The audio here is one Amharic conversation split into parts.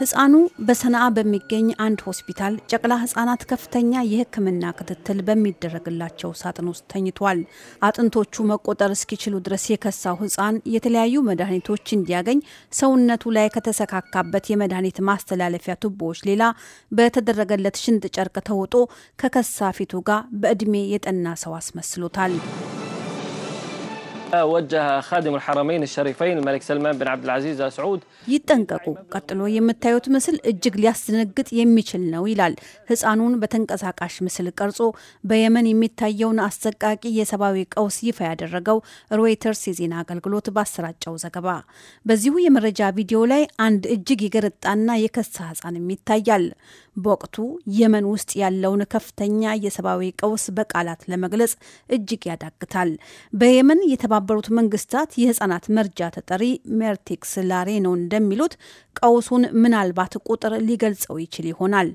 ህፃኑ በሰነአ በሚገኝ አንድ ሆስፒታል ጨቅላ ህፃናት ከፍተኛ የሕክምና ክትትል በሚደረግላቸው ሳጥን ውስጥ ተኝቷል። አጥንቶቹ መቆጠር እስኪችሉ ድረስ የከሳው ህፃን የተለያዩ መድኃኒቶች እንዲያገኝ ሰውነቱ ላይ ከተሰካካበት የመድኃኒት ማስተላለፊያ ቱቦዎች ሌላ በተደረገለት ሽንጥ ጨርቅ ተውጦ ከከሳ ፊቱ ጋር በዕድሜ የጠና ሰው አስመስሎታል። ወጀሀ ኻዲሙ ልሐረመይን ሸሪፈይን መሊክ ሰልማን ብን ዓብድልዓዚዝ አስዑድ ይጠንቀቁ። ቀጥሎ የምታዩት ምስል እጅግ ሊያስደነግጥ የሚችል ነው ይላል። ህፃኑን በተንቀሳቃሽ ምስል ቀርጾ በየመን የሚታየውን አሰቃቂ የሰብአዊ ቀውስ ይፋ ያደረገው ሮይተርስ የዜና አገልግሎት ባሰራጨው ዘገባ በዚሁ የመረጃ ቪዲዮ ላይ አንድ እጅግ የገረጣና የከሳ ህፃንም ይታያል። በወቅቱ የመን ውስጥ ያለውን ከፍተኛ የሰብአዊ ቀውስ በቃላት ለመግለጽ እጅግ ያዳግታል። በየመን የተባበሩት መንግስታት የህጻናት መርጃ ተጠሪ ሜርቲክስ ነው እንደሚሉት ቀውሱን ምናልባት ቁጥር ሊገልጸው ይችል ይሆናል።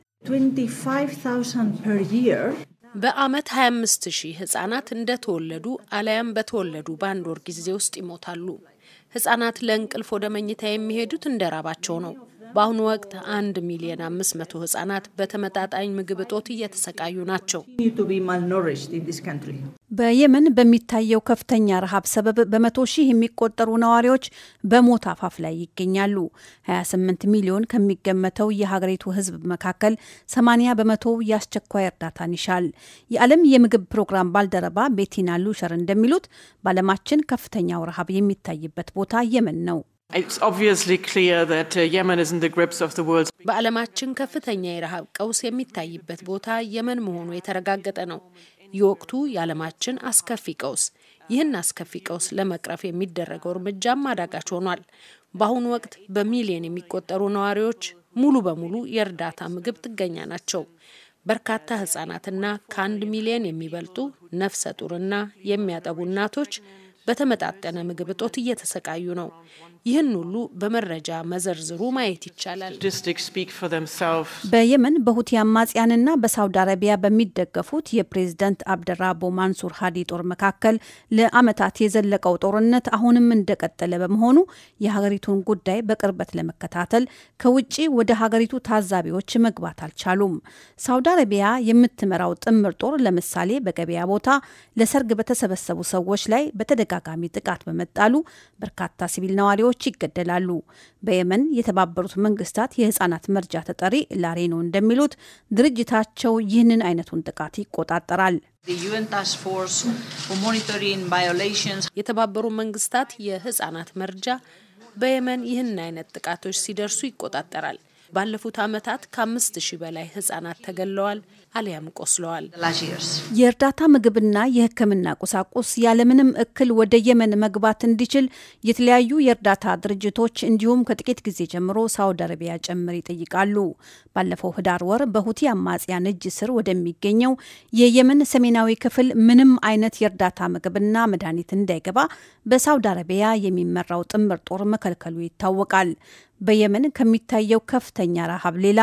በአመት 25 ሺህ ህጻናት እንደተወለዱ አለያም በተወለዱ በአንድ ወር ጊዜ ውስጥ ይሞታሉ። ህጻናት ለእንቅልፍ ወደ መኝታ የሚሄዱት እንደራባቸው ነው። በአሁኑ ወቅት አንድ ሚሊዮን አምስት መቶ ህጻናት በተመጣጣኝ ምግብ እጦት እየተሰቃዩ ናቸው። በየመን በሚታየው ከፍተኛ ረሃብ ሰበብ በመቶ ሺህ የሚቆጠሩ ነዋሪዎች በሞት አፋፍ ላይ ይገኛሉ። 28 ሚሊዮን ከሚገመተው የሀገሪቱ ህዝብ መካከል 80 በመቶ የአስቸኳይ እርዳታን ይሻል። የዓለም የምግብ ፕሮግራም ባልደረባ ቤቲና ሉሸር እንደሚሉት በዓለማችን ከፍተኛው ረሃብ የሚታይበት ቦታ የመን ነው። Uh, በዓለማችን ከፍተኛ የረሃብ ቀውስ የሚታይበት ቦታ የመን መሆኑ የተረጋገጠ ነው። የወቅቱ የዓለማችን አስከፊ ቀውስ ይህን አስከፊ ቀውስ ለመቅረፍ የሚደረገው እርምጃም አዳጋች ሆኗል። በአሁኑ ወቅት በሚሊዮን የሚቆጠሩ ነዋሪዎች ሙሉ በሙሉ የእርዳታ ምግብ ጥገኛ ናቸው። በርካታ ህጻናትና ከአንድ ሚሊዮን የሚበልጡ ነፍሰ ጡርና የሚያጠቡ እናቶች በተመጣጠነ ምግብ እጦት እየተሰቃዩ ነው። ይህን ሁሉ በመረጃ መዘርዝሩ ማየት ይቻላል። በየመን በሁቲ አማጽያንና በሳውዲ አረቢያ በሚደገፉት የፕሬዝደንት አብደራቦ ማንሱር ሀዲ ጦር መካከል ለአመታት የዘለቀው ጦርነት አሁንም እንደቀጠለ በመሆኑ የሀገሪቱን ጉዳይ በቅርበት ለመከታተል ከውጭ ወደ ሀገሪቱ ታዛቢዎች መግባት አልቻሉም። ሳውዲ አረቢያ የምትመራው ጥምር ጦር ለምሳሌ በገበያ ቦታ ለሰርግ በተሰበሰቡ ሰዎች ላይ በተደጋ ተደጋጋሚ ጥቃት በመጣሉ በርካታ ሲቪል ነዋሪዎች ይገደላሉ። በየመን የተባበሩት መንግስታት የህጻናት መርጃ ተጠሪ ላሬኖ እንደሚሉት ድርጅታቸው ይህንን አይነቱን ጥቃት ይቆጣጠራል። የተባበሩ መንግስታት የህጻናት መርጃ በየመን ይህንን አይነት ጥቃቶች ሲደርሱ ይቆጣጠራል። ባለፉት ዓመታት ከአምስት ሺህ በላይ ህጻናት ተገለዋል አሊያም ቆስለዋል። የእርዳታ ምግብና የህክምና ቁሳቁስ ያለምንም እክል ወደ የመን መግባት እንዲችል የተለያዩ የእርዳታ ድርጅቶች እንዲሁም ከጥቂት ጊዜ ጀምሮ ሳውዲ አረቢያ ጭምር ይጠይቃሉ። ባለፈው ህዳር ወር በሁቲ አማጽያን እጅ ስር ወደሚገኘው የየመን ሰሜናዊ ክፍል ምንም አይነት የእርዳታ ምግብና መድኃኒት እንዳይገባ በሳውዲ አረቢያ የሚመራው ጥምር ጦር መከልከሉ ይታወቃል። በየመን ከሚታየው ከፍተኛ ረሃብ ሌላ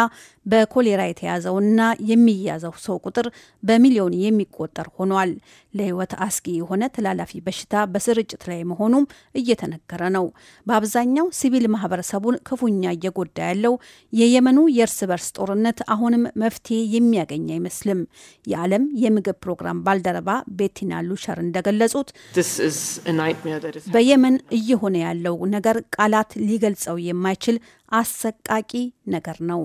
በኮሌራ የተያዘውና የሚያዘው ሰው ቁጥር በሚሊዮን የሚቆጠር ሆኗል። ለሕይወት አስጊ የሆነ ተላላፊ በሽታ በስርጭት ላይ መሆኑም እየተነገረ ነው። በአብዛኛው ሲቪል ማህበረሰቡን ክፉኛ እየጎዳ ያለው የየመኑ የእርስ በርስ ጦርነት አሁንም መፍትሄ የሚያገኝ አይመስልም። የዓለም የምግብ ፕሮግራም ባልደረባ ቤቲና ሉሸር እንደገለጹት በየመን እየሆነ ያለው ነገር ቃላት ሊገልጸው የማይችል የሚችል አሰቃቂ ነገር ነው።